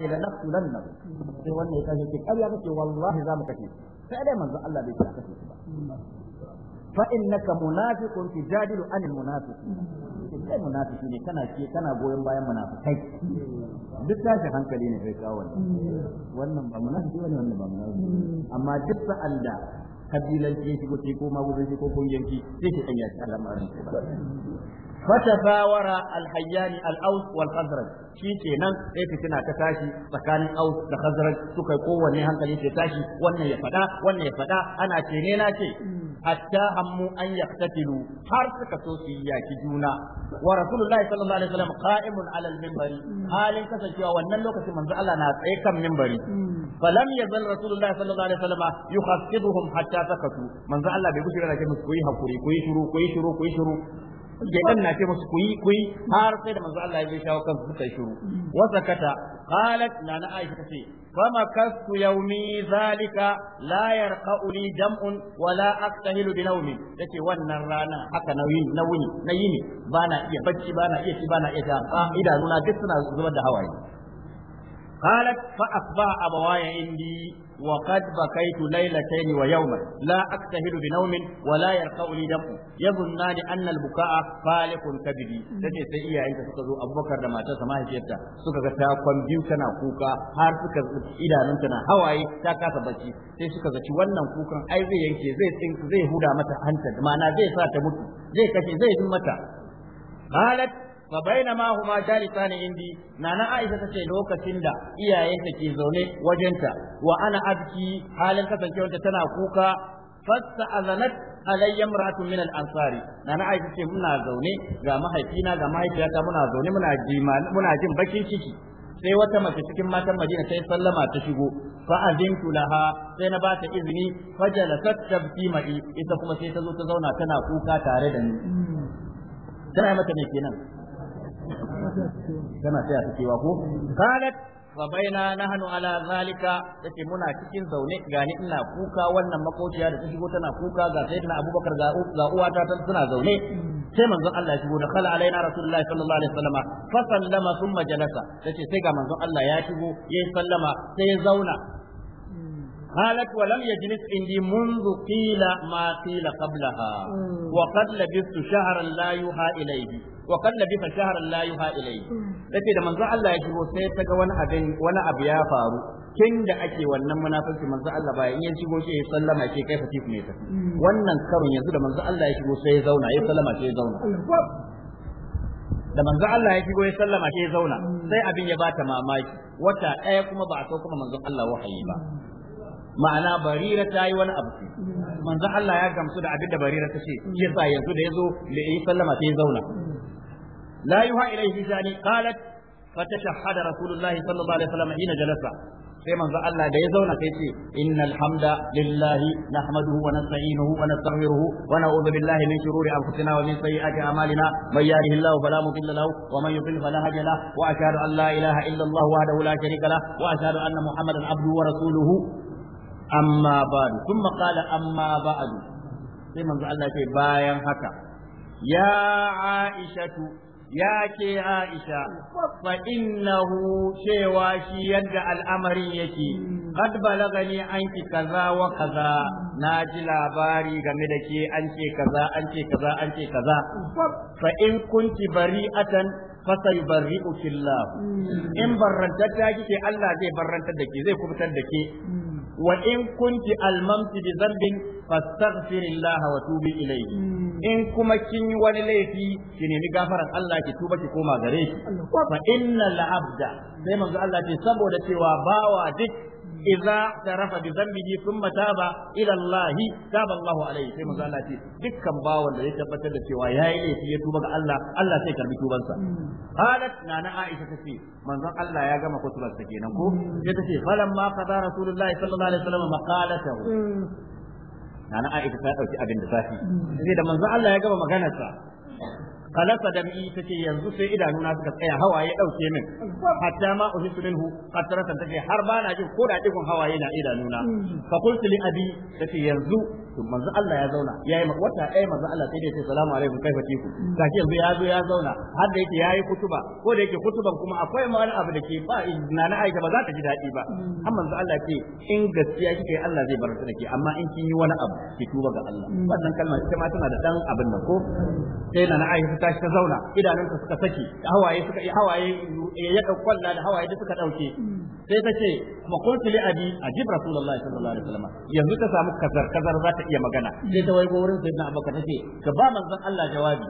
ila nafsulanna sai wannan ya kace ƙarya kace wallahi za mu kace sai dai manzo Allah bai ta kace ba fa innaka munafiqun an anil munafiqin kai munafiki ne kana ce kana goyon bayan munafikai duk tashi hankali ne kai kawo wannan ba munafiki bane wannan ba munafiki amma duk sa'an da kabilanci ya shigo ko maguzanci ko kungiyanci sai shi kan ya ci al'amarin ba فتفاور الحيان الاوس والخزرج shikenan sai fitina ta tashi tsakanin aus da khazraj suka kowanne hankali ke tashi wannan ya fada wannan ya fada ana ce ne na ce hatta hammu an yaqtatilu har suka so su yaki juna wa rasulullahi sallallahu alaihi wasallam qa'imun ala al-minbari halin kasancewa wannan lokacin manzo Allah na tsaye kan minbari falam yazal rasulullahi sallallahu alaihi wasallam yukhaffiduhum hatta sakatu manzo Allah bai gushi da ke musu koyi hakuri koyi shiru koyi shiru koyi shiru Gidan na ce musu kuyi kuyi har sai da manzo Allah ya bai shawo kansu suka yi shiru wa sakata qalat nana aisha tace fama kasu yaumi zalika la yarqa'u li jam'un wala aktahilu bi nawmi yace wannan rana haka nauyi nauyi na yini bana iya bacci bana iya ci bana iya ta idanuna duk suna zubar da hawaye qalat fa asba abawaya indi وقد بكيت ليلتين ويوما لا أكتهل بنوم ولا يرقى لي دم يظنان a البكاء فالق كبدي تجي سيئة أنت سكزو أبو بكر da تسمع جيتا سكزا تاكم بيو كنا كوكا har suka ida nan tana hawaye ta kasa bacci sai suka zaci wannan kukan ai zai yanke zai zai huda mata hanta ma'ana zai sa ta mutu zai kashe zai yi mata qalat fa ma huma jalisan indi nana Aisha tace lokacin da iyayenta ke zaune wajenta wa ana abki halin wanda tana kuka fasta'azanat alayya imra'atun min al-ansari nana Aisha ce muna zaune ga mahaifina ga mahaifiyata muna zaune muna muna jin bakin ciki sai wata mace cikin matan Madina ta yi sallama ta shigo fa azintu laha sai na ba ta izini fa jalasat tabki mai ita kuma sai ta zo ta zauna tana kuka tare da ni tana hmm. mata ne kenan kana taya ta cewa ko qalat fabaina nahnu ala zalika yace muna cikin zaune gani ina kuka wannan makociya da ta shigo tana kuka ga sayyidina abubakar ga uwata ta suna zaune sai manzon Allah ya shigo da kala alaina rasulullahi sallallahu alaihi wasallama fa sallama thumma jalasa yace sai ga manzon Allah ya shigo yayin sallama sai ya zauna قالت ولم يجلس عندي منذ قيل ما قيل قبلها وقد لبثت شهرا لا يوحى إليه wa kalla bi shahran la yuha ilayhi tace hmm. da manzo Allah ya shigo sai ta ga wani abin wani abu ya faru kin da ake wannan munafiki manzo Allah ba in ya shigo sai ya sallama ke kai fatif ne ta hmm. wannan karon yanzu da manzo Allah ya shigo sai ya zauna ya sallama sai ya zauna da manzo Allah ya shigo ya sallama sai ya zauna hmm. sai abin ya bata mamaki wata ɗaya kuma ba a so kuma manzo Allah wahayi ba ma'ana barira ta yi wani abu manzo Allah ya gamsu da abin da barira ta ce yasa yanzu da yazo da yi sallama sai ya zauna لا يوحى إليه ثاني قالت فتشهد رسول الله صلى الله عليه وسلم حين جلس sai manzo Allah da ya zauna sai ce innal hamda lillahi nahmaduhu wa nasta'inuhu wa nastaghfiruhu wa na'udhu billahi min shururi anfusina wa min sayyiati a'malina may yahdihillahu fala mudilla lahu wa man yudlil fala hadiya lahu wa ashhadu an la ilaha illa Allah wahdahu la sharika lahu wa ashhadu anna Muhammadan abduhu wa rasuluhu amma ba'du thumma qala amma ba'du sai manzo Allah ce bayan haka ya aishatu ya ke Aisha fa innahu cewa shi yadda al'amarin yake qad balagani anki kaza wa kaza na ji labari game da ke an ce kaza an ce kaza an ce kaza fa in kunti bari'atan bari Allah in barrantar ta kike Allah zai barrantar da ke zai kubutar da ke wa in kunti almamti bi zambin fastaghfirillah wa tubi ilayhi hmm. in kuma kin yi wani laifi ki ni gafaran Allah ki tuba ki koma gare shi fa innal abda sai manzo Allah ce saboda cewa bawa duk idza tarafa bi dhanbihi thumma taba ila Allah taba Allah alaihi sai manzo Allah ce dukkan bawan da ya tabbatar da cewa yayi laifi ya tuba ga Allah Allah sai karbi tubansa halat nana Aisha tace manzon Allah ya gama kutubar sa kenan ko sai tace falamma qada rasulullahi sallallahu alaihi wasallam maqalatahu nana Aisha ta dauki abin da zafi sai da manzon Allah ya gama maganarsa qalasa dam'i tace yanzu sai idanuna suka tsaya hawaye ɗauke min hatta ma uhisu minhu qatratan tace har ba na jin ko da digon hawaye na idanuna mm. fa qultu li abi tace yanzu to manzo Allah ya zauna yayi wata ɗaya manzo Allah sai dai sai salamu alaikum fa tiku kashi yanzu ya zo ya zauna har da yake yayi kutuba ko da yake kutuban kuma akwai ma wani abu da ke ba na na aisha ba za ta ji daɗi ba mm. har manzo Allah ce in gaskiya kike Allah zai bar da ke amma in kin yi wani abu ki tuba ga Allah mm. wannan kalma ita ma tana da dan abin da ko sai na na aisha ta ta zauna idanunta suka saki hawaye suka hawaye ya da hawaye da suka dauke mm. sai ta ce ma qultu li abi ajib rasulullahi sallallahu alaihi wasallam yanzu ta samu kazar kazar za ta iya magana sai ta waigo wurin sayyidina abubakar ta ce ka ba manzon Allah jawabi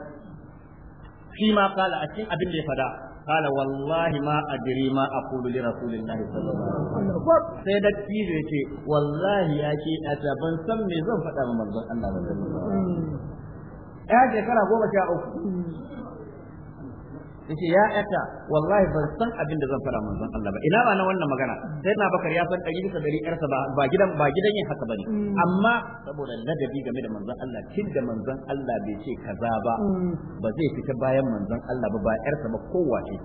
shi ma kala a cikin abin da ya fada kala wallahi ma adri ma aqulu li rasulillahi sallallahu alaihi wasallam sai da tizo yace wallahi ya ce ta ban san me zan faɗa ma manzon Allah sallallahu alaihi wasallam ya shekara goma sha uku hmm. yace ya ata wallahi ban san abin da zan fara manzon Allah ba ina ba na wannan magana sai na bakar ya san dari bisa dari yarsa ba ba gidan ba gidan yin haka bane mm. amma saboda ladabi game da manzon Allah kin da manzon Allah bai ce kaza ba mm. ba zai fita bayan manzon Allah ba ba yarsa ba kowace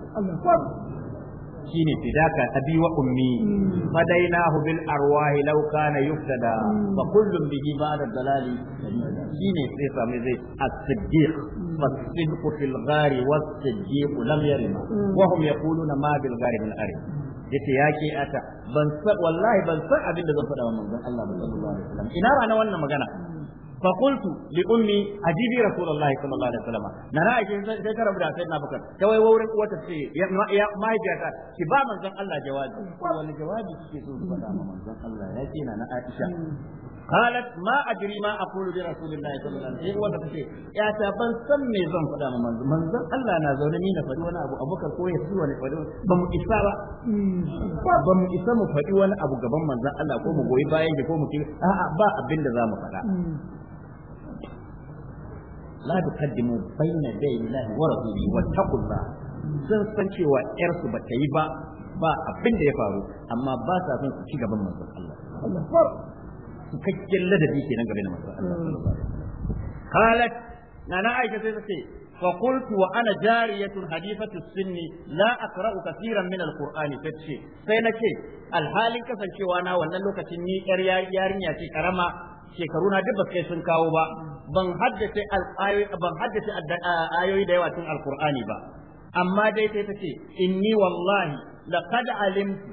shine fidaka abi wa ummi hmm. fadainahu bil arwahi law kana yuftada hmm. fa kullum bihi ba'da dalali ne sai same zai as-siddiq فالصدق في الغار والصديق لم يرم وهم يقولون ما بالغار من أرم yace ya ata ban wallahi ban san abin da zan faɗa wa manzon Allah sallallahu alaihi wasallam ina rana wannan magana hmm. فقلت لأمي أجيبي رسول الله صلى الله عليه وسلم نرى أجيب سيكرا بدا سيدنا بكر كوي وورك وتفسي ما يجيكا كبا من زن الله جوابي وأن جوابي كيسوس بدا من زن الله يجينا نعائشة قالت ما أدري ما أقول لرسول الله صلى الله عليه وسلم وتفسي يا تبن سمي زن بدا من زن من زن الله نازل مين فدي وانا أبو أبو بكر كوي يسوى نفدي بم إسابة بم إسامة فدي وانا أبو قبم من زن الله كوم قوي باين كوم كيل أبا أبين لذا مفدا la tuqaddimu bayna dayillahi wa rasulihi wattaqullah sun san cewa yar su ta yi ba ba abin da ya faru amma ba sa son su ci gaban manzon Allah cikakken ladabi kenan game da manzon Allah qalat nana aiki sai ta ce فقلت وانا جارية حديثة السن لا اقرا كثيرا من القران فتشي sai ce, alhalin kasancewa na wannan lokacin ni yar yarinya ce karama shekaru na duk kai sun kawo ba ban haddace ban haddace ayoyi da yawa tun alqur'ani ba amma dai sai tace inni wallahi laqad alimtu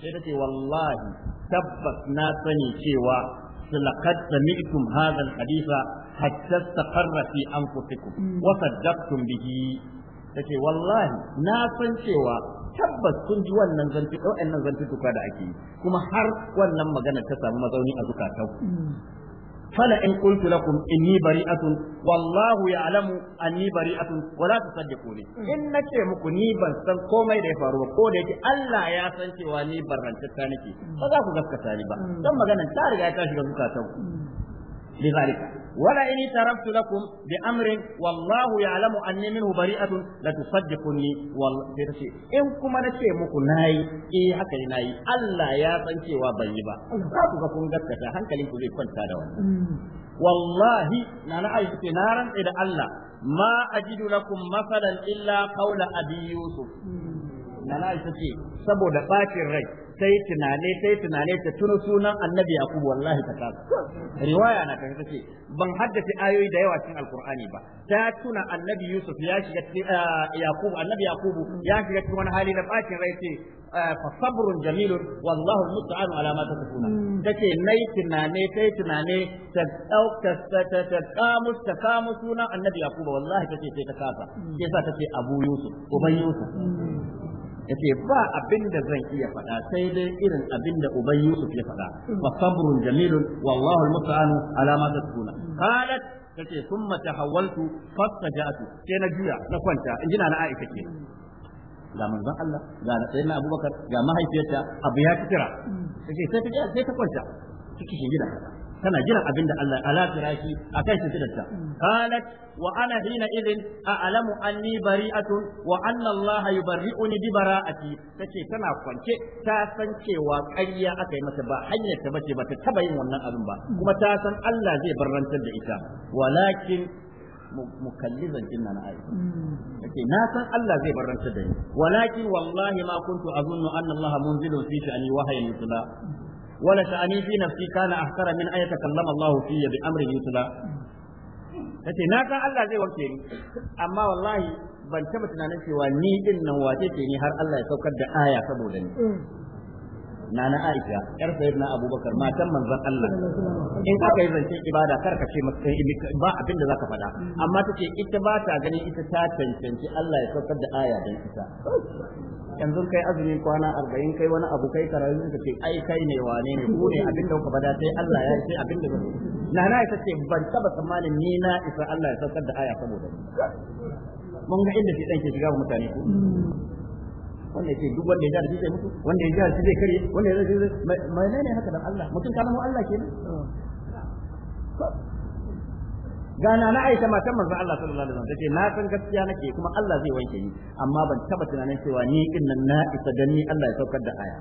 sai tace wallahi tabbas na sani cewa laqad sami'tum hadha alhaditha hatta istaqarra fi anfusikum wa saddaqtum bihi ce wallahi na san cewa tabbas kun ji wannan zanti zanti duka da ake yi kuma har wannan magana ta samu mazauni a zukatan fala in qultu lakum inni bari'atun wallahu ya'lamu anni bari'atun wa la tusaddiquni in nace muku ni ban san komai da ya faru ba ko da yake Allah ya san cewa ni barrantacca nake ba za ku gaskata ni ba mm. dan maganan ta riga ta shiga ta ku mm. zalika wala in taraftu bi amrin wallahu ya'lamu anni minhu bari'atun la tusaddiquni wal sai in kuma nace muku nayi e haka ne nayi Allah ya san cewa bai yi ba za ku ga kun gaskata hankalin ku zai kwanta da wannan wallahi na na aiki ce na da Allah ma ajidu lakum masalan illa qawla abi yusuf nana Aisha ce saboda bacin rai sai tunane sai tunane ta tuno sunan Annabi Yaqub wallahi ta kasa riwaya na kan ce ban haddace ayoyi da yawa cikin Alkur'ani ba ta tuna Annabi Yusuf ya shiga eh, Yaqub Annabi Yaqub ya shiga cikin wani hali na bacin rai ce eh, fa sabrun jamilun wallahu musta'an ala ma tasifuna hmm. take nai tunane sai tunane ta dauka ta ta kamus ta kamus sunan Annabi Yaqub wallahi ta ce sai ta kasa hmm. sai sa ce Abu Yusuf uban Yusuf hmm. yace ba abin da zan iya faɗa sai dai irin abin da uban Yusuf ya faɗa fa sabrun jamilun wallahu almusta'anu ala ma tasbuna qalat tace thumma tahawwaltu fastaja'tu sai na juya na kwanta injina na a'ika ke ga manzon Allah ga sayyidina Abubakar ga mahaifiyarta abu ya kitira sai ta sai ta kwanta shi gida tana jiran abin da Allah ala firaki akan shi sidarta qalat wa ana hina idin a'lamu anni bari'atun wa anna Allah yubarri'uni bi ta ce tana kwance ta san cewa ƙarya aka yi mata ba hanyar ta bace ba ta taba yin wannan abin ba kuma ta san Allah zai barrantar da ita walakin mu kalli inna na aisha yace na san Allah zai barrantar da ni walakin wallahi ma kuntu azunnu anna Allah munzilun fi sha'ani wahayin mutla wala ta'ani fi nafsi kana ahsara min ayata kallama Allah fi bi amri yutla na san Allah zai warke ni amma wallahi ban taba tunanin cewa ni din nan wace ce ni har Allah ya saukar da aya saboda ni nana Aisha yar sayyidina Abubakar matan manzon Allah in aka yi zance ibada kar ka ce ba abin da zaka faɗa amma tace ita ba ta ganin ita ta cancanci Allah ya saukar da aya don ita yanzu kai azumi kwana arba'in kai wani abu kai karatu ka ce ai kai ne wane ne ko ne abin da ka bada sai Allah ya ce abin da na na ita ce ban taba tsammanin ni na isa Allah ya saukar da aya saboda mun ga inda shi dan ke shiga mutane ko wanda yake duk wanda ya jara shi zai mutu wanda ya jara shi zai kare wanda ya zai shi zai mai ne haka dan Allah mutum kana mu Allah kenan gana na Aisha matan manzon Allah sallallahu alaihi wasallam tace na san gaskiya nake kuma Allah zai wanke ni amma ban taba tunanin cewa ni din nan na isa dan Allah ya saukar da aya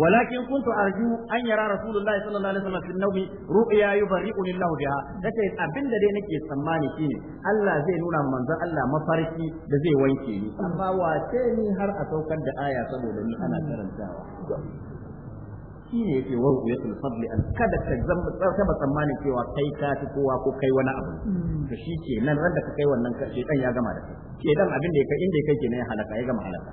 ولكن كنت أرجو an يرى رسول الله صلى الله عليه وسلم في النوم رؤيا يبرئني الله بها da dai nake tsammani shine Allah zai nuna manzon Allah mafarki da zai wanke ni amma wace ni har a saukar da aya saboda ni ana karantawa shi ne yake ya ruyatul fadli an kada ka zama tsammanin cewa kai ka fi kowa ko kai wani abu hmm. to shi ke nan ran da ka kai wannan ɗan ya gama da kai shedan abin da ya kai inda ya kai kenan ya halaka ya gama halaka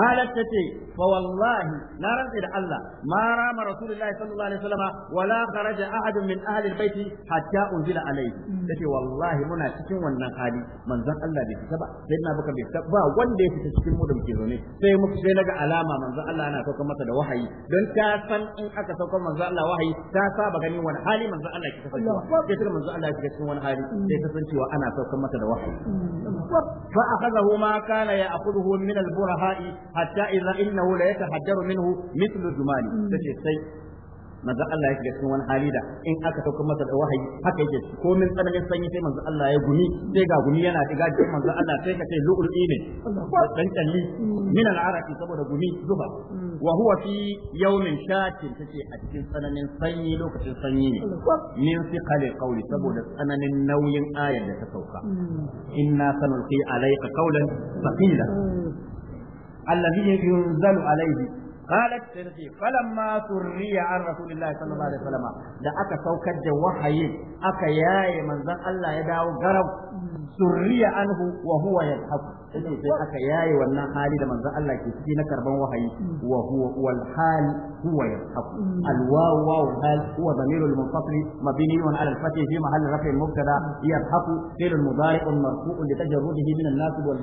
قالت تتي فوالله لا رزق الا الله ما رام رسول الله صلى الله عليه وسلم ولا خرج احد a اهل البيت حتى انزل عليه تتي والله منا cikin wannan hali manzon Allah bai fita ba sai ina baka bai ba wanda ya fita cikin mu da muke zaune sai muka sai naga alama manzon Allah yana saukar masa da wahayi don ta san in aka saukar manzon Allah wahayi ta saba gani wani hali manzon Allah ke kasance sai kuma manzon Allah ya fita cikin wani hali sai ta san cewa ana sauka masa da wahayi fa akhadahu ma kana ya akhudhu min al-burahai hatta idza innahu la yatahaddaru minhu mithlu zumani mm. tace sai manzo Allah ya shiga cikin wani hali da in aka sauka masa da wahayi haka yake min tsananin sanyi sai manzo Allah ya gumi sai ga gumi yana diga cikin manzo Allah sai ka ce lu'ul'i ne dan kalli mm. min al'araki saboda gumi zuba mm. wa huwa fi yawmin shatin tace a cikin tsananin sanyi lokacin sanyi ne min fi qali qawli saboda tsananin nauyin ayar da ta sauka inna sanulqi alayka qawlan thaqila allazi yunzalu alaihi قالت تنسي فلما سري عن رسول الله صلى الله عليه وسلم da aka saukar da wahayin aka yaye manzon Allah ya dawo garau mm. surriya anhu wa huwa yadhaku yace sai aka yaye wannan hali da manzon Allah ke ciki na karban wahayi wa huwa wal hal huwa al waw waw hal huwa munfasil mabni ala al fi mahall raf'i al mubtada fil mudari' al marfu' li tajarrudihi min al wal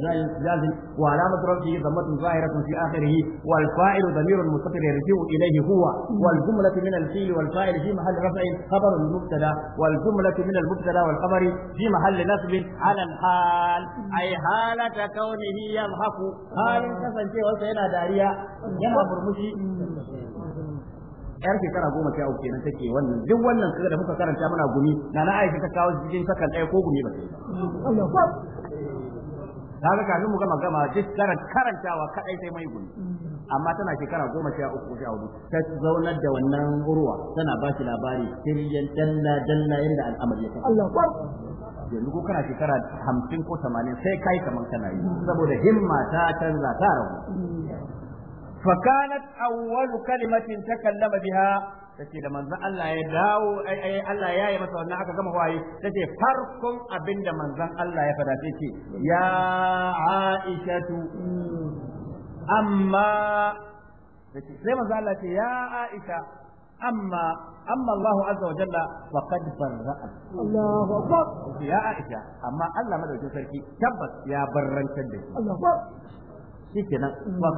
wa alamat dhammatun zahiratun fi akhirih wal fa'il mustatir yarji'u ilayhi huwa wal jumlatu min al fi'l wal fa'il fi mahall raf'i khabar al mubtada wal jumlatu min al mubtada wal fi mahall nasb ala al hal ay halaka kaunihi yamhaku halin kasancewarsa yana dariya yana murmushi yar shekara goma sha uku kenan take wannan duk wannan kaga da muka karanta muna gumi na na aisha ta kawo cikin sakan ɗaya ko gumi ba ba kaga kafin mu gama gama duk karantawa kadai sai mai gumi amma tana shekara goma sha uku sha hudu ta zaunar da wannan urwa tana ba shi labari sirriyan dalla dalla yadda al'amari ya yanzu ko kana shekara hamsin ko tamanin sai kai kamar kana yi saboda himma ta canza ta rabu فكانت أول كلمة تكلم بها tace da manzon Allah ya dawo ai Allah ya yi masa wannan aka gama waye tace farkon abinda manzon Allah ya fada tace ya Aishatu amma tace sai manzon Allah ya Aisha amma amma Allah azza wa jalla wa qad barra'a ya Aisha amma Allah madaukakin sarki tabbas ya barrantar da shi Allahu akbar shikenan wa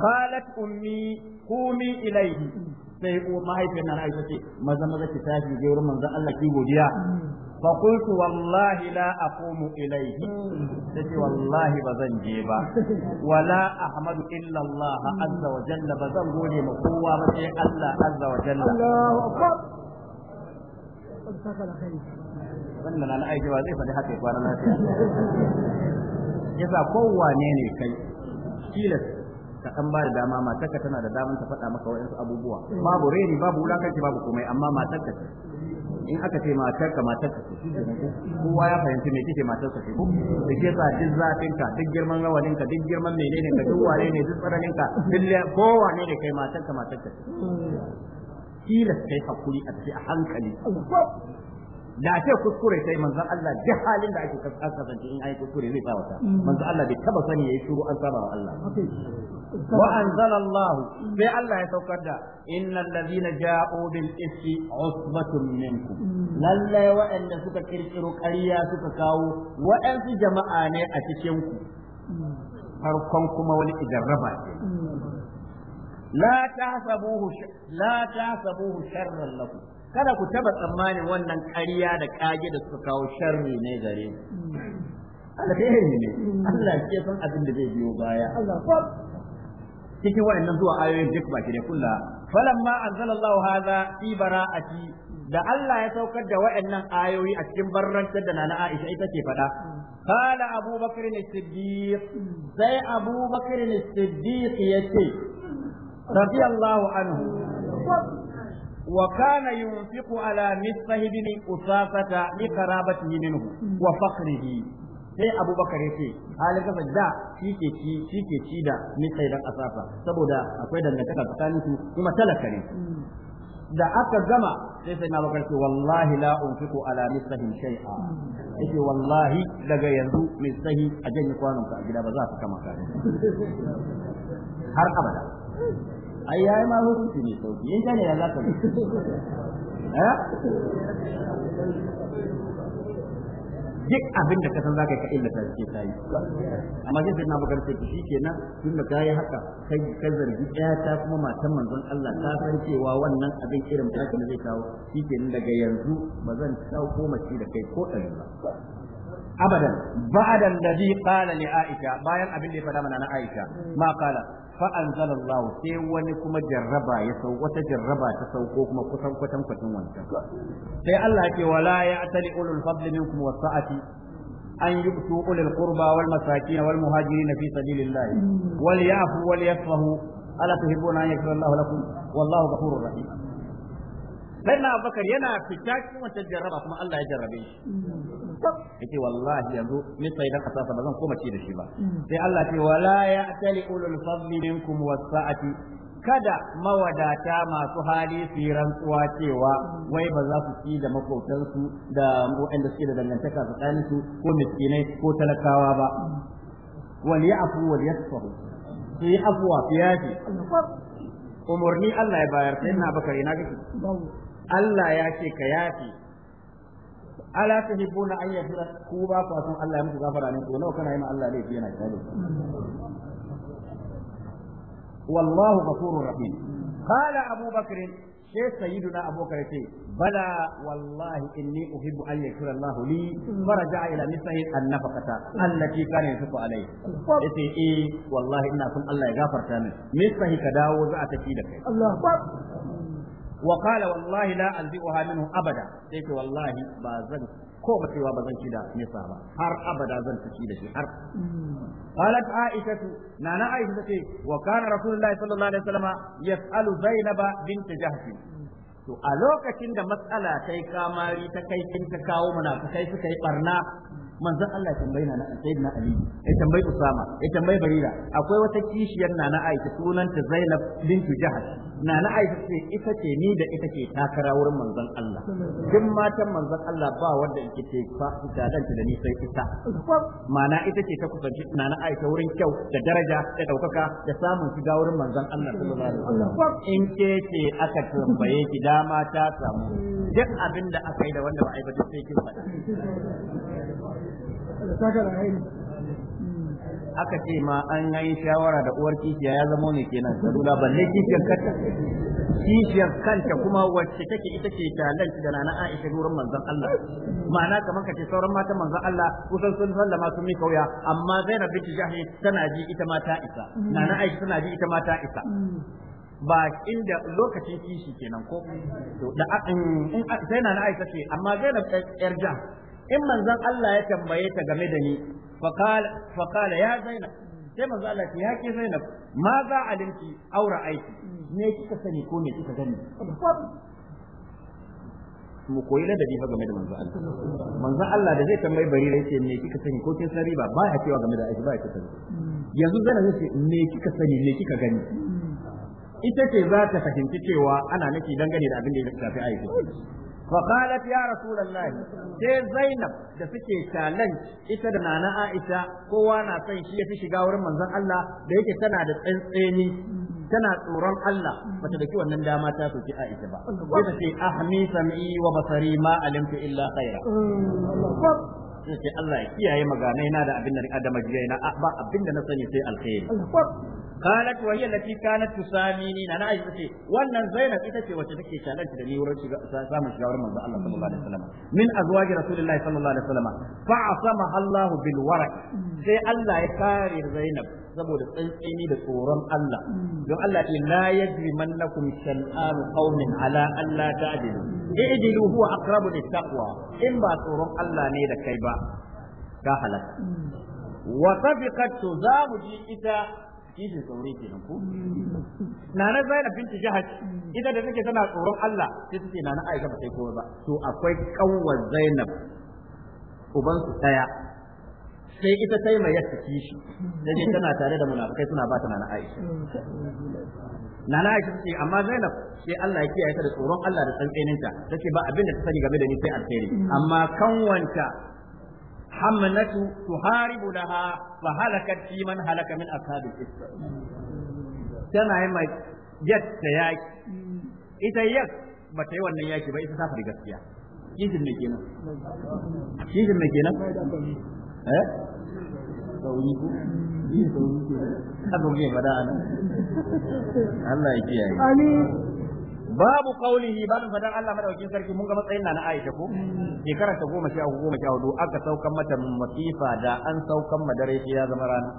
sai ko mahaifiyar na Aisha ce maza maza ki tashi je wurin manzon Allah ki godiya fa qultu wallahi la aqumu ilayhi sai wallahi bazan je ba wala ahmadu illa Allah azza wa jalla bazan gode ma kowa ba sai Allah azza wa jalla Allahu akbar wannan na aiki ba zai faɗi haka ya kwana lafiya yasa kowane ne kai tilas ka dan ba da dama matarka tana da daman ta faɗa maka wa'ansu abubuwa babu reni babu wulakanci babu komai amma matarka ce in aka ce matarka matarka ce kowa ya fahimci me kike matarka ce ko da ke sa duk zafinka duk girman rawaninka duk girman menene ka duk wane ne duk tsaraninka duk kowa ne kai matarka matarka ce tilasta kai hakuri a cikin hankali da ce kuskure sai manzon Allah duk halin da ake kasance in ai kuskure zai sa wata mm. manzon Allah bai taba sani yayi shiru an saba wa Allah wa anzala sai Allah ya saukar da innal ladina ja'u bil ishi usbatun minkum mm. Lallai waɗanda suka kirkiro ƙarya suka kawo waɗansu jama'a ne a cikin ku mm. farkon kuma wani idan raba ce la tahsabuhu la tahsabuhu sharran lakum kada ku taba tsammanin wannan ƙarya da kage da suka kawo sharri ne gare alheri ne Allah ke san abin da zai biyo baya cikin waɗannan zuwa ayoyin duk baki da kulla falamma da Allah ya saukar da wa'annan ayoyi a cikin barrantar da na Aisha ita ce fada qala abubakar as-siddiq sai ce. siddiq رضي الله عنه وكان ينفق على مصطه بن أساسة لقرابته منه وفقره sai abubakar ya ce halin kasar da shi ke ci shi ke ci da mitsai dan asafa saboda akwai dangantaka tsakanin su kuma talaka ne da aka gama sai sai na bakar ce wallahi la unfiqu ala misahin shay'a yake wallahi daga yanzu misahi a janye kwanon ka a gida ba za ka kama ka har abada ai yayi ma hukunci ne sauki in kana ya zaka eh duk abin da ka san zaka ka illata shi amma sai sai na bakar ce shi kenan tun da kai haka kai ka zargi ɗaya ta kuma matan manzon Allah ta san cewa wannan abin irin da kake zai kawo shi kenan daga yanzu ba zan dauko mace da kai ko ɗari ba abadan ba'da alladhi qala li aisha bayan abin da ya faɗa mana na aisha ma qala fa anzalallahu sai wani kuma jarraba ya sau wata jarraba ta sauko kuma kusan kwatan kwatan wancan sai Allah ce wala ya'tali ulul fadli minkum wasa'ati an yubtu ulul qurba wal masakin wal muhajirin fi sabilillah hmm. wal ya'fu wal yasfahu ala tuhibbuna an yaghfira Allahu wallahu sai na yana fita cikin wancan jarraba kuma Allah ya jarrabe shi yake wallahi yanzu ni sai da kasasa ba zan koma ci da shi ba sai Allah ce wala ya tali ulul fadli minkum wasa'ati kada mawadata masu hali su yi rantsuwa cewa wai ba za su ci da makotansu da waɗanda suke da dangantaka tsakaninsu ko miskinai ko talakawa ba wal ya'fu wal yasfahu su yi afwa su yafi umarni Allah ya bayar sai na bakare na kake Allah ya ce ka yafi ala tuhibbuna an yaghfira ku ba ku san Allah ya muku gafara ne to nawa kana yi ma Allah laifi yana kyale wallahu ghafurur rahim qala abu bakr sai sayyiduna abubakar ce bala wallahi inni uhibbu an yakura Allah li faraja ila misahi annafaqata allati kana yusufu alai yace eh wallahi ina son Allah ya gafarta min misahi ka dawo za a tafi da kai wa qala wallahi la anzi'uha minhu abada sai ce wallahi ba zan ko cewa ba zan ci da nisa ba har abada zan ci da shi har قالت عائشة نانا عائشة تي وكان رسول الله صلى الله عليه وسلم يسأل زينب بنت جهش to a lokacin da matsala ta kamari ta kai kin ta kawo munafikai suka yi barna manzon Allah ya tambayi na sayyidina Ali ya tambayi Usama ya tambayi Barira akwai wata kishiyar nana Aisha sunanta Zainab bintu Jahash nana Aisha ce ita ce ni da ita ce takara wurin manzon Allah duk matan manzon Allah ba wanda yake ce fa ita dan da ni sai ita Mana ita ce ta kusanci nana Aisha wurin kyau da daraja da daukaka da samun shiga wurin manzon Allah sallallahu alaihi wasallam in ce ce aka tambaye ki dama ta samu duk abin da aka yi da wanda ba a yi ba sai kin faɗa aka ce ma an yi shawara da uwar kishiya ya zama ne kenan salula balle kishiyar kanta kishiyar kanta kuma wacce take ita ce talent da nana Aisha gurin manzon Allah ma'ana kamar kace sauran matan manzon Allah kusan sun sallama sun mika kauya amma Zainab binti Jahsh tana ji ita ma ta isa nana Aisha tana ji ita ma ta isa ba inda lokacin kishi kenan ko to da in Zainab na Aisha ce amma Zainab ta Jahsh in manzon Allah ya tambaye ta game da ni faqala faqala ya zaina, sai manzon Allah ya ke zaina ma za alimti aura aiki me kika sani ko me kika gani mu koyi ladabi fa game da manzon Allah manzon Allah da zai tambayi barira yace me kika sani ko kin sani, ba ba ya cewa game da aiki ba ya sani. yanzu zana ce me kika sani me kika gani ita ce za ta fahimci cewa ana nake dangane da abin da ya shafi aiki فقالت يا رسول الله sai Zainab da suke challenge ita da nana Aisha kowa na son shi ya fi shiga wurin manzon Allah da yake tana da tsantseni tana tsoron Allah bata daki wannan dama ta soki Aisha ba sai ta ce ahmi sam'i wa basari ma alimtu illa khaira sai Allah ya kiyaye maganai na da abin da na ba abin da na sani sai alkhairi qalat wa hiya allati kanat tusamini na Aisha ce wannan Zainab ita ce wacce take challenge da ni wurin shiga samun shawar manzo Allah sallallahu alaihi wasallam min azwaji rasulillahi sallallahu alaihi wasallam fa asama Allah bil warq sai Allah ya kare Zainab saboda tsantsini da tsoron Allah don Allah ce la yajrimannakum shan'an qaumin ala alla ta'dilu i'dilu huwa aqrabu lit taqwa in ba tsoron Allah ne da kai ba ka halaka wa to za mu ji ita kije ke nan ko zai Zainab binti jihar ita da take tana tsoron Allah sai take na aika ba sai kowa ba to akwai kawwar Zainab uban su daya sai ita sai mai yasta kishi daje tana tare da munafikai suna ba ta nana Aisha nana Aisha ce amma Zainab sai Allah ya kiyaye ta da tsoron Allah da tsantseninta take ba abin da ta sani game da ni sai alheri amma kanwanta الحمنة تحارب لها فهلكت في من هلك من أصحاب سياك إذا يك wannan yaki ba ita ta fari gaskiya kenan kenan eh ba Allah ya kiyaye amin babu qaulihi babu fadan Allah madaukin sarki mun ga matsayin na Aisha ko shekara ta goma sha uku goma sha hudu aka saukan mata masifa da an saukan madare shi ya zama rana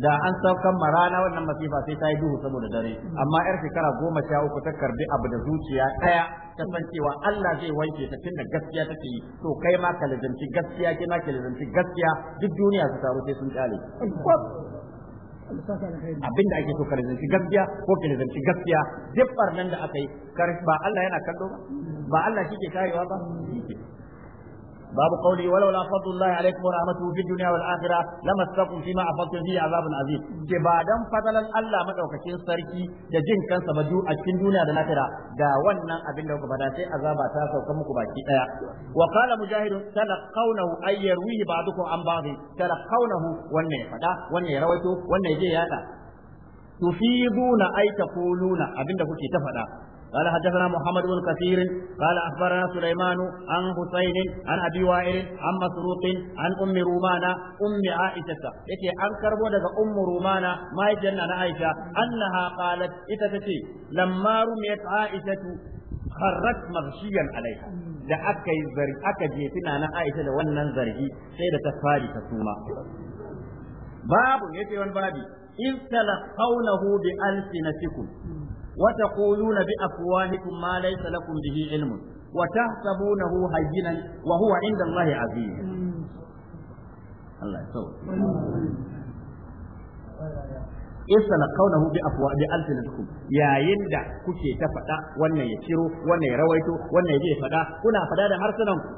da an saukan marana wannan masifa sai ta yi duhu saboda dare amma yar shekara goma sha uku ta karbi abu da zuciya daya ta san cewa Allah zai wanke ta tunda gaskiya take yi to kai ma ka lazanci gaskiya kina ki lazanci gaskiya duk duniya su taru sai sun kale abinda ake so ka gaskiya ko ka rizanci gaskiya duk barnan da aka yi ba Allah yana kallo ba ba Allah shi ke karewa ba Babu باب قولي ولولا rahmatu. الله duniya wa في الدنيا والاخره لما a فيما افضتم فيه عذاب عظيم جبادا فضل الله Allah دوكين sarki da jin kansa ba du a cikin duniya da lafira ga wannan abin da kuka fada sai azaba ta sauka muku baki daya wa qala mujahid talaqawnahu ay yarwihi ba'dukum an ba'd talaqawnahu wannan ya fada wannan ya rawaito wannan ya je ya ta tufiduna ay taquluna abinda kuke ta faɗa. قال حدثنا محمد بن كثير قال اخبرنا سليمان عن حسين عن ابي وائل عن مسروق عن ام رومانة ام عائشة يتي عن كربو ام رومانة ما يجنن عائشة انها قالت اتتتي لما رميت عائشة خرت مغشيا عليها da aka yi zargi aka jefi na Aisha da wannan zargi sai da ta fari ta suma babu yace wani babi in talaqawnahu bi alsinatikum وتقولون بأفواهكم ما ليس لكم به علم وتحسبونه هينا وهو عند الله عزيز الله يسوي isala kaunahu bi afwa bi alsinatikum yayin da kuke ta faɗa wannan ya ciro wannan ya rawaito wannan ya je faɗa kuna faɗa da harsunan ku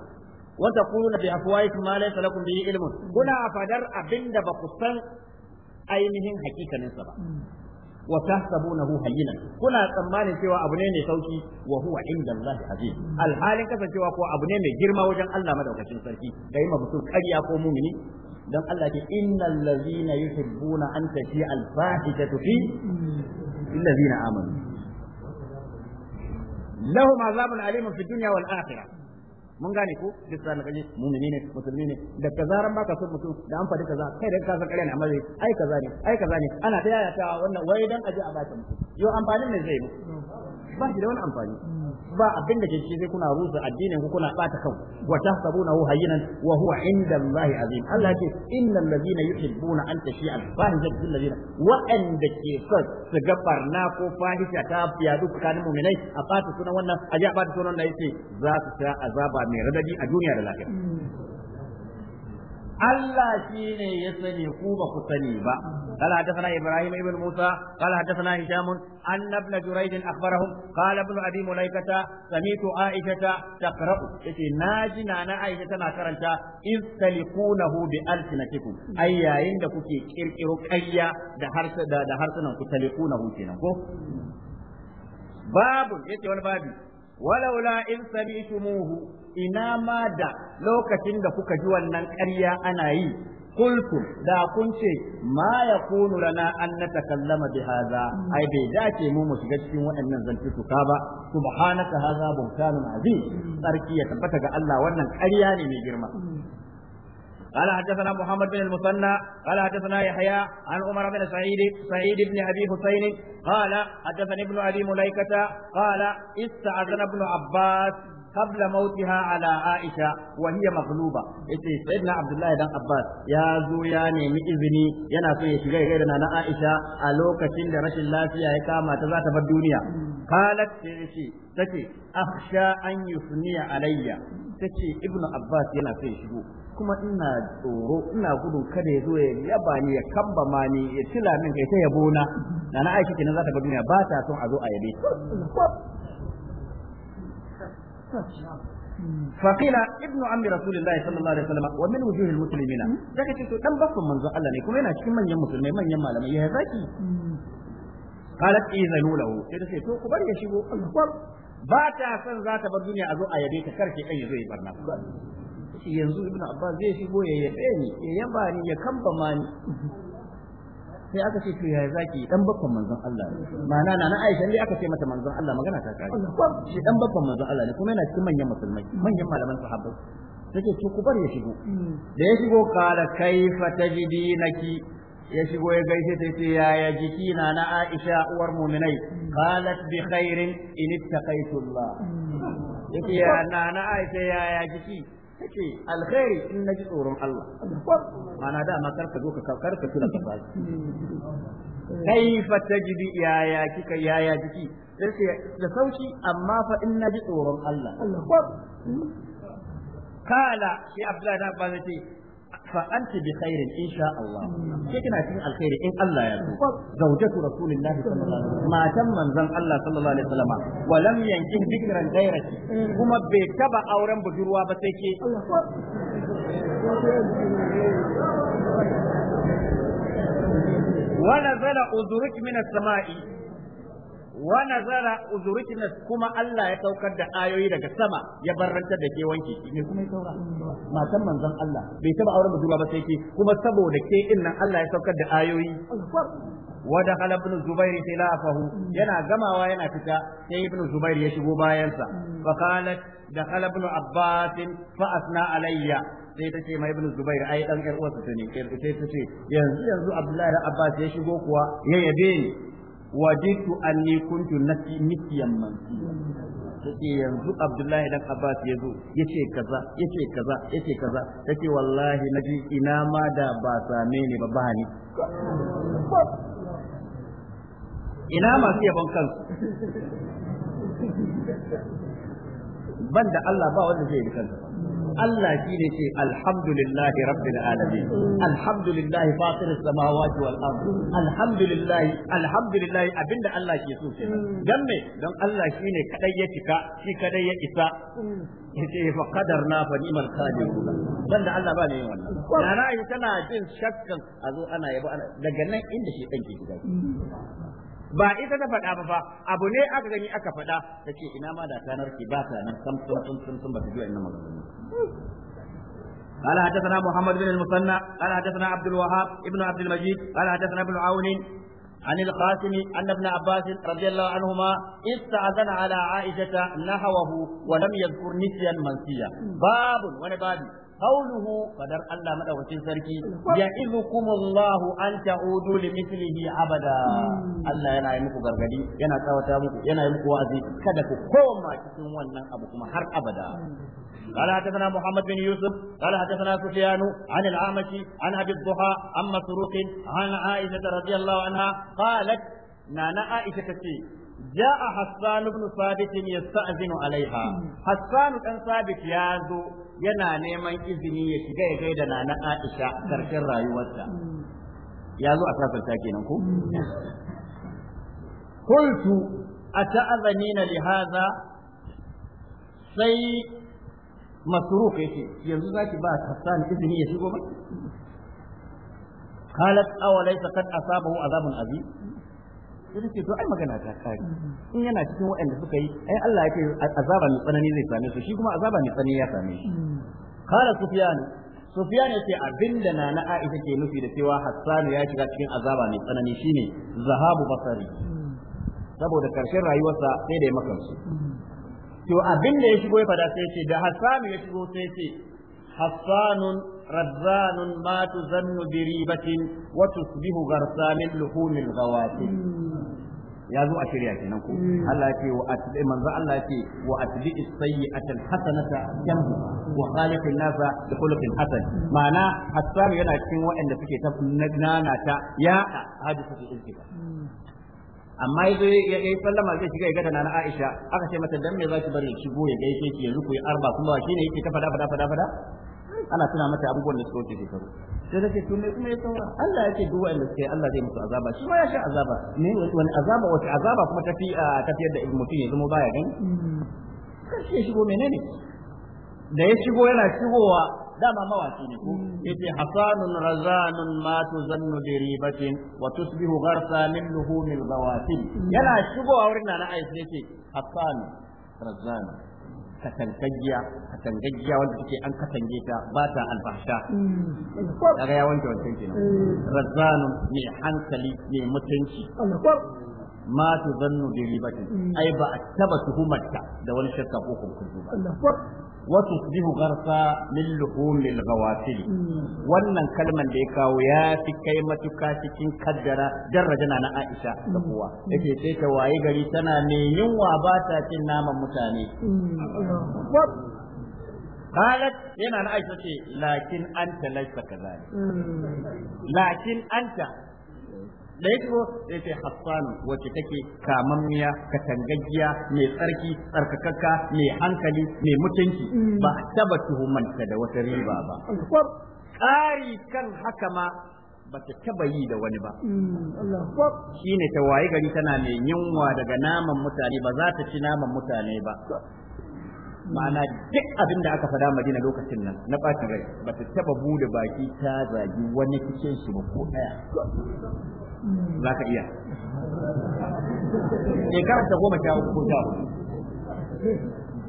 wa taquluna bi afwaikum ma laysa lakum bihi ilmun kuna fadar abinda ba ku san ainihin hakikanin ba wa tahsabunahu hayyinan kuna tsammanin cewa abu ne mai sauki wa huwa inda Allah azim alhalin kasancewa ko abu ne mai girma wajen Allah madaukakin sarki da yi mabutu ƙarya ko mumini dan Allah ke innal ladzina yuhibbuna an tashi al fahishatu fi ladzina amanu lahum azabun alimun fid dunya wal akhirah mun gane ko duk sanin kaje mu'mini ne musulmi ne da kazaran baka son mutum da an faɗi kaza kai da san kare ne amma ai kaza ne ai kaza ne ana ta yaya ta wannan wai dan aje a bata mutum yo amfani ne zai mu ba shi da wani amfani ba abin da ke ce sai kuna rusa addinin ku kuna bata kan wa tahsabunahu hayyinan wa huwa inda Allah azim Allah ce innal ladina yuhibbuna an tashia al fahisha ladina wa anda ke son su ga barna ko fahisha ta biya duk kanin mu'minai a bata sunan wannan a ja bata sunan da yace za su sha azaba mai radadi a duniya da lafiya hmm. Allah shine ya sani ku ba ku sani ba قال حدثنا ابراهيم بن موسى قال حدثنا هشام ان ابن جريج اخبرهم قال ابن ابي مليكه سمعت عائشه تقرا يتي ناجي نانا عائشه تنا كرنتا اذ تلقونه بالسنتكم اي yayin da kuke kirkiro kayya da harsunan ku talikunahu kenan ko babu yace wani babu walaula in sami'tumuhu ina ma da lokacin da kuka ji wannan ƙarya ana yi kultum da kun ce ma yakunu lana an natakallama bi hadha ai bai dace mu mu shiga cikin waɗannan zantuka ba subhanaka hadha buhtanun azim sarki ya tabbata ga Allah wannan ƙarya ne mai girma قال حدثنا محمد بن المثنى قال حدثنا يحيى عن عمر بن سعيد سعيد بن ابي حسين قال حدثني ابن ابي مليكه قال ابن عباس qabla mautiha ala aisha wa hiya maghluba yace sayyidina abdullahi dan abbas ya zo ya nemi izini yana so ya shiga gaida na aisha a lokacin da rashin lafiya ya kama ta za ta bar duniya qalat yace tace akhsha an yusniya alayya tace ibnu abbas yana so ya shigo kuma ina tsoro ina gudun kada ya zo ya yaba ni ya kambama ni ya tila min kai ta yabona na na aisha kenan za ta bar duniya ba ta son a zo a yabe فقيل ابن عم رسول الله صلى الله عليه وسلم dan baffan manzon Allah ne kuma yana cikin manyan musulmai manyan malamai ya zaki qalat izanu san za bar duniya a a yabe ta karke kai zai barna yanzu ibnu abbas zai shigo ya yabe ni ya yaba ya kamba ni sai aka ce ya yaya zaki dan bakon manzon Allah ma'ana na na Aisha ne aka ce mata manzon Allah magana ta kare shi dan bakon manzon Allah ne kuma yana cikin manyan musulmai manyan malaman sahabbai take to ku bar ya shigo da ya shigo kala kaifa tajidinaki ya shigo ya gaishe ta ce yaya jiki na na Aisha uwar mu'minai qalat bi khairin in ittaqaytullah yake ya na na Aisha yaya jiki yace alkhairi in naji tsoron Allah mana da ma karka zo ka kar ka tuna ka fa kaifa tajidi yaya kika yaya jiki sai da sauki amma fa in naji tsoron Allah kala shi Abdullahi da ba zai fa anta bi in insha Allah ke kina cikin alkhairi in Allah ya so zawjatu rasulillahi sallallahu matan manzon Allah sallallahu alaihi wasallam wa lam yankih kuma bai taba auren budurwa ba sai ke ونزل أذرك من السماء wa nazara uzurikinas kuma Allah ya saukar da ayoyi daga sama ya barranta da ke wanki ne kuma ya manzon Allah bai taba auren budurwa ba sai ke kuma saboda ke din nan Allah ya saukar da ayoyi wa dakhala ibn zubair khilafahu yana gamawa yana fita sai ibn zubair ya shigo bayansa fa qalat dakhala ibn abbas fa asna alayya sai ta ce mai ibn zubair ai dan yar uwarsa ne sai ta ce yanzu yanzu abdullahi abbas ya shigo kuwa ya yabe ni wajidtu anni kuntu nasiyan mansiya take yanzu Abdullahi dan Abbas yazo yace kaza yace kaza yace kaza take wallahi naji ina ma da ba same ni ba ba ni ina masu yabon kansu ban da Allah ba wanda zai yi kansa Allah shi ne ce alhamdulillah rabbil alamin alhamdulillah fatir samawati wal ard alhamdulillah alhamdulillah abinda Allah ke so kenan mm. dan me dan Allah shi ne kadai ya cika shi kadai ya isa mm. yace fa qadarna fa ni'mal qadirun dan da Allah ba ne wannan da ra'ayi tana jin shakkan a zo ana yabo ana daga nan inda shi dan ke shiga mm. ba ita ta faɗa ba fa abu ne aka gani aka faɗa ta ce ina ma da ta narke ba ta nan sam sam sam sam sam ba ta ji wa'annan maganganu قال حدثنا محمد بن المثنى قال حدثنا عبد الوهاب ابن عبد المجيد قال حدثنا ابن عون عن القاسم أن ابن عباس رضي الله عنهما استأذن على عائشة نحوه ولم يذكر نسيا منسيا باب ونبادي قوله قدر الله مدوكين سركي يعظكم الله أن تعودوا لمثله أبدا الله yana yi muku gargadi yana tsawata muku yana yi muku wa'azi kada ku koma cikin wannan abu kuma har abada قال حدثنا محمد بن يوسف قال حدثنا سفيان عن الأعمش عن أبي الضحى عن مسروق عن عائشة رضي الله عنها قالت نانا عائشة تسي جاء حسان بن ثابت يستأذن عليها حسان بن ثابت يازو yana neman izini ya shiga ya gaida nana Aisha karshen rayuwarta. ya zo a ta kenan ko a ta'azani li hadha sai masruf yake yanzu zaki ba Hassan izini ya shigo ba qalat aw laysa qad asabahu azabun azim sai ce to ai magana ta kare in yana cikin waɗanda suka yi ai Allah ya ce azaba mai tsanani zai same su shi kuma azaba mai tsanani ya same shi qala sufyan sufyan yace abinda na na Aisha ke nufi da cewa Hassan ya shiga cikin azaba mai tsanani shine zahabu basari saboda karshen rayuwarsa sai da ya makansu to abinda ya shigo ya fada sai ce da Hassan ya shigo sai ce Hassanun رزان ما تزن بريبة وتصبح غرسا من لحوم الغواتم ya zo a shirya nan ko Allah ce wa atbi manzo Allah ce wa atbi as-sayyi'ata al-hasanata tamhu wa khaliqin nasa bi khuluqin hasan ma'ana hasan yana cikin waɗanda suke ta nana ta ya hadisatu iltika amma ya yi sallama zai shiga ga nana Aisha aka ce mata dan me zaki bari shigo ya gaishe ki yanzu ku yi arba kuma shine yake ta fada fada fada fada ana tuna mata abubuwan da suka wuce shekaru sai ke tun me kuma ya saura Allah ya ce duk wanda suka Allah zai musu azaba shi ma ya sha azaba ne wani azaba wata azaba kuma tafi tafiyar da mutum ya zama baya gani kashi ya shigo menene da ya shigo yana shigowa dama mawaki ne ko yace hasanun razanun ma tuzannu bi ribatin wa tusbihu gharsa min luhumil bawatin yana shigowa wurin nan ayi sai yace hasanun razanun katangaggiya katangaggiya wanda take an katange ta ba ta alfahsha daga mm. ya wanke wancan kenan mm. razzanun mai hankali mai mutunci ma tu zannu bi ribatin ai ba a taba tuhumarta da wani shakka ko kuma. ba wa tusbihu gharsa min luhumil ghawasil hmm. wannan kalman da ya kawo ya fi kai matuka cikin kaddara darajana na Aisha da hmm. kowa yake sai ta waye gari tana ne yunwa ba ta cin naman mutane قالت هنا أنا عايشة لكن أنت ليس كذلك لكن أنت ɗaya ya zai ce hassanu wacce take kamammiya tangajiya mai tsarki tsarkakakka mai hankali mai mutunci mm. ba taba tuhumanta da wata riba ba ƙari kan haka ma ba ta taba yi da wani ba mm, shi ne ta waye gari tana mai yunwa daga naman mutane ba za ta ci naman mutane ba ma'ana duk abin da aka faɗa madina lokacin nan na ɓacin rai ba ta taba bude baki ta zagi wani cikin shi ba ko ɗaya Hmm. za ka iya shekarar ta goma sha ko sha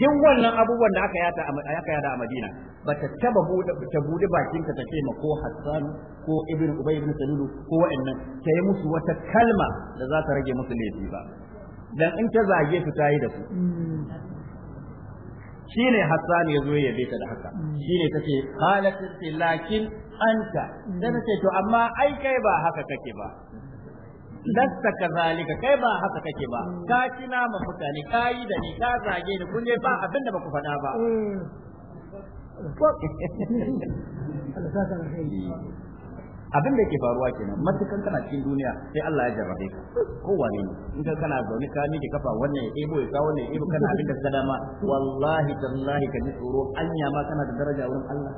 duk wannan abubuwan da aka yada a aka a Madina ba ta taba bude ta bude bakin ka ta ce ma ko Hassan ko Ibn Ubay ibn Salulu ko wa'annan ta yi musu wata kalma da za ta rage musu laifi ba dan in ta zage su tayi da su hmm. shine Hassan ya zo ya beta da haka hmm. shine tace halatin lakin anta dan ce to amma ai kai ba haka kake ba lasta kazalika kai ba haka kake ba mm. ka kina nama mutane ka yi da ni ka zage ni kun ba abin da baku faɗa ba mm. abin da ke faruwa kenan matukan kana cikin duniya sai Allah ya jarrabe ka kowane ne in ka kana zaune ka miƙe kafa wannan ya ebo ya ka wannan ya ebo kana abin da ka dama wallahi tallahi ka ji tsoro anya ma kana da daraja wurin Allah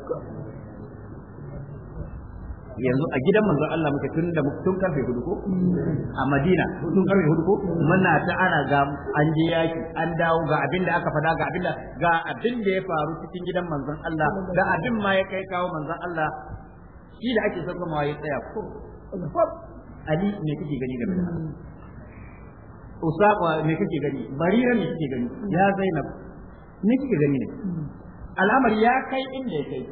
yanzu a gidan manzon Allah muke tun da tun karfe hudu ko a Madina tun karfe hudu ko muna ta ana ga an je yaki an dawo ga abin da aka fada ga abin da ga abin da ya faru cikin gidan manzon Allah da abin ma ya kai kawo manzon Allah shi da ake son kuma ya tsaya ko Ali me kike gani da da Usaba me kike gani Barira me kike gani ya Zainab me kike gani ne al'amari ya kai inda ya kai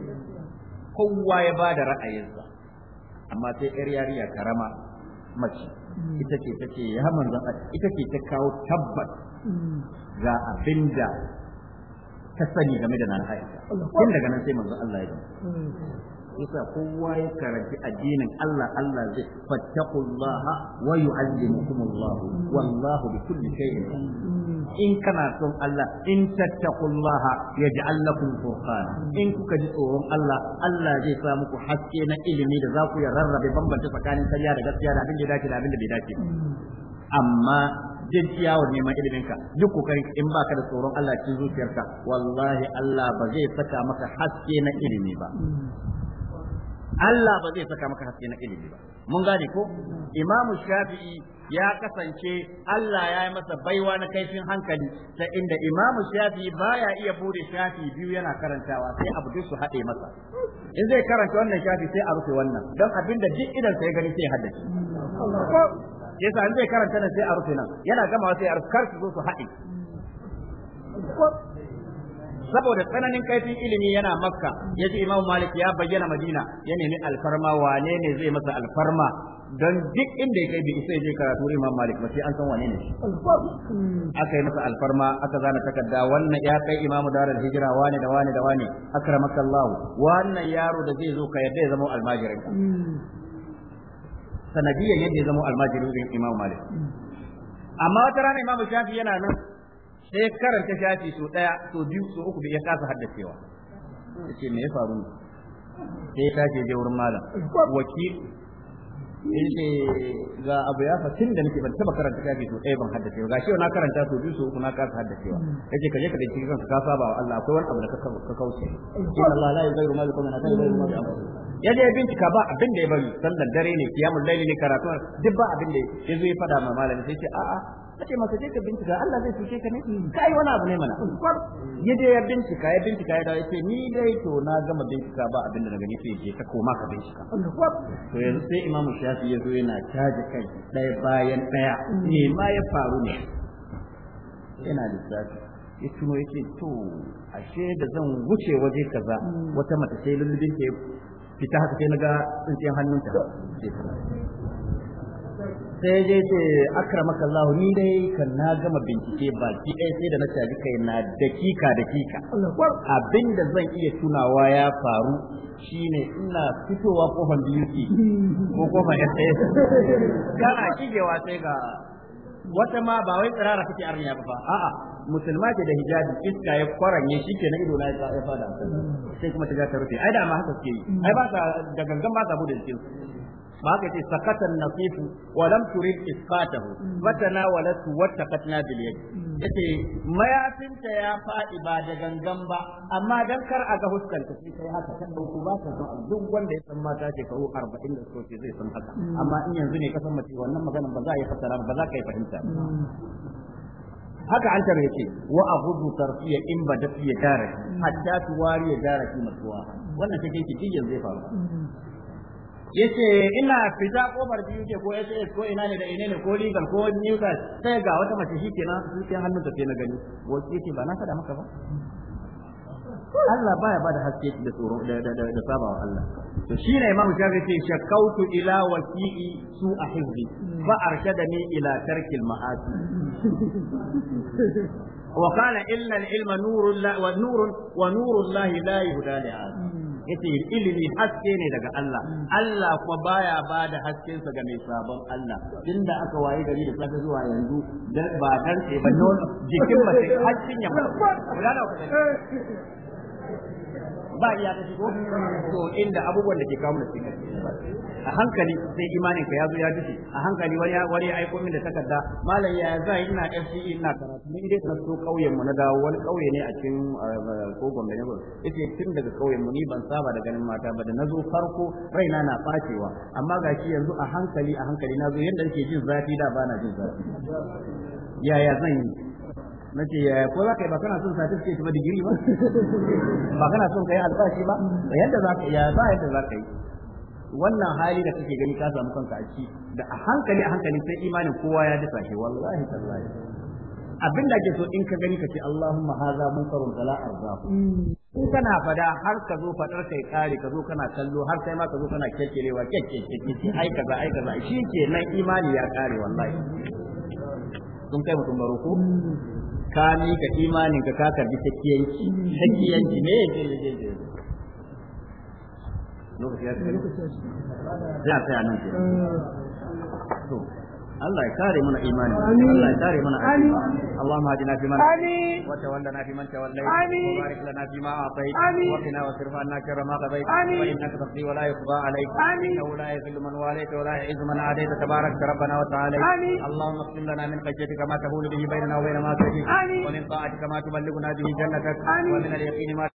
kowa ya bada ra'ayinsa amma sai yar yariya karama mace ita ce ta ya manzon ita ce ta kawo tabbat ga abinda ta sani game da nan haifa tun daga nan sai manzo Allah ya yi yasa kowa ya karanci addinin Allah Allah zai fattaqullaha wa yu'allimukumullahu wallahu bi kulli shay'in in kana son Allah in tattaqullaha yaj'al lakum furqana in kuka ji tsoron Allah Allah zai sa muku haske na ilimi da za ku ya rarrabe bambanta tsakanin karya da gaskiya da abin da dace da abin da bai dace amma jin ciyawar neman ilimin ka duk kokarin in baka da tsoron Allah cikin zuciyarka wallahi Allah ba zai saka maka haske na ilimi ba Allah ba zai saka maka haske na ilimi ba mun gane ko imamu shafi'i ya kasance Allah ya yi masa baiwa na kaifin hankali ta inda imamu shafi'i baya iya bude shafi biyu yana karantawa sai abu duk su haɗe masa in zai karanta wannan shafi sai a rufe wannan don abinda duk idan sai gani sai haddace yasa in zai karanta nan sai a rufe nan yana gama sai a rufe kar su zo su haɗe saboda tsananin kaifin ilimi yana makka ce imam malik ya bayyana madina ya nemi alfarma wane ne zai masa alfarma don duk inda ya kai bi sai je karatu imam malik ba sai an san wane ne aka yi masa alfarma aka zana takarda wannan ya kai imam Darar hijira wane da wane da wane akramakallahu wannan yaro da zai zo ka yadda ya zama almajirin sanadiyan yadda ya zama almajirin imam malik amma wata rana imam shafi yana nan sai karanta shafi so daya so biyu so uku bai ya kasa haddacewa yace me ya faru sai ya tashi je wurin malam wakil yace ga abu ya fatin da nake ban taba karanta shafi so daya ban haddacewa gashi na karanta so biyu so uku na kasa haddacewa yace kaje ka dace kan ka saba wa Allah akwai wani abu da ka kauce inna Allah la yughayyiru ma biqawmin hatta yughayyiru ma bi yaje ya bincika ba abin da ya bari sallan dare ne kiyamul laili ne karatu duk ba abin da ya zo ya fada ma malami sai ce a'a nace masa je ka bincika Allah zai cuce ka ne kai wani abu ne mana ya je ya bincika ya bincika ya dawo ce ni dai to na gama bincika ba abin da na gani sai je ka koma ka bincika to yanzu sai Imam Shafi ya zo yana caji kai dai bayan ɗaya me ma ya faru ne yana lissafi ya tuno ya ce to ashe da zan wuce waje kaza wata mata sai lullubin ke fita haka sai na ga tsintsiyar hannunta sai dai ce akramaka Allah ni dai kan na gama bincike ba ki ɗaya sai da na caji kai na dakika dakika abinda zan iya tunawa ya faru shine ina fitowa kofar BUC ko kofar a kana wa sai ga wata ma ba wai tsirara kake arniya ba a'a musulma ce da hijabi iska ya kwaranye shi ke na ido na ya fada mm. sai kuma ta ta rufe ai da ma haka suke yi ai ba sa da gangan ba sa bude Ma ka ce sakatan nasifu wa lam turid isqatahu fatana mm. walatu wattaqatna bil yad mm. yace mayafinta ya fadi ba da gangan ba amma dan kar a ga huskanta sai kai haka kan dauko ba ka san duk wanda ya san mata ke kawo 40 da soke zai san haka mm. amma in yanzu ne ka san mace wannan maganar ba za a yi fassara ba za ka yi fahimta haka an tare yake wa abudu tarfiya in ba da fiye daraki hatta tuwari ya daraki masuwa wannan take ki yanzu zai faru yace ina fita kofar biyu ke ko SAS ko ina ne da ina ne ko legal ko neutral sai ga wata mace shi kenan su sai hannun ta sai na gani wace ce ba na faɗa maka ba Allah baya bada haske da tsoro da da da, da sabawa Allah to shi ne Imam Shafi ce shakautu ila wasi'i su a hizbi fa arshadani ila tarkil ma'asi وقال إن العلم نور لا ونور ونور الله لا يهدى لعاد yace ilimi haske ne daga Allah Allah kuma baya ba da haskensa ga mai sabon Allah tunda aka waye gari da safe zuwa yanzu ba dan ba jikin mace hakkin ya ba ba iya ta shigo to inda abubuwan da ke kawo da cikin a hankali sai imanin ka ya zo ya dace a hankali wani wani ya aiko min da takarda malam ya za ina FCE ina karatu ni dai na so kauyen mu na dawo wani kauye ne a cikin eh, ko da ne yace tun daga kauyen mu ni ban saba da ganin mata ba da nazo farko raina na facewa amma gashi yanzu a hankali a hankali nazo yanda nake jin zafi da bana jin zafi yaya zan yi na ce ko za ka yi ba kana son certificate ba digiri ba ba kana son ka yi albashi ba yadda za ka ya ba yadda za ka yi wannan hali da kake gani ka samu kanka a ciki da a hankali a hankali sai imanin kowa ya dafa shi wallahi tallahi abin da ke so in ka gani ka ce Allahumma haza munkarun fala arza in kana fada har ka zo fadar kai kare ka zo kana kallo har kai ma ka zo kana kekkelewa kekkeke ai kaza ai kaza shi ke nan imani ya kare wallahi sun kai mutum baro ko ka mika imanin ka ka karbi takiyanci takiyanci ne lokaci ya tsaya nan ke Allah ya kare mana imani Allah ya kare mana aiki Allah ma hadina fi man amin wata wanda na fi amin amin amin amin amin amin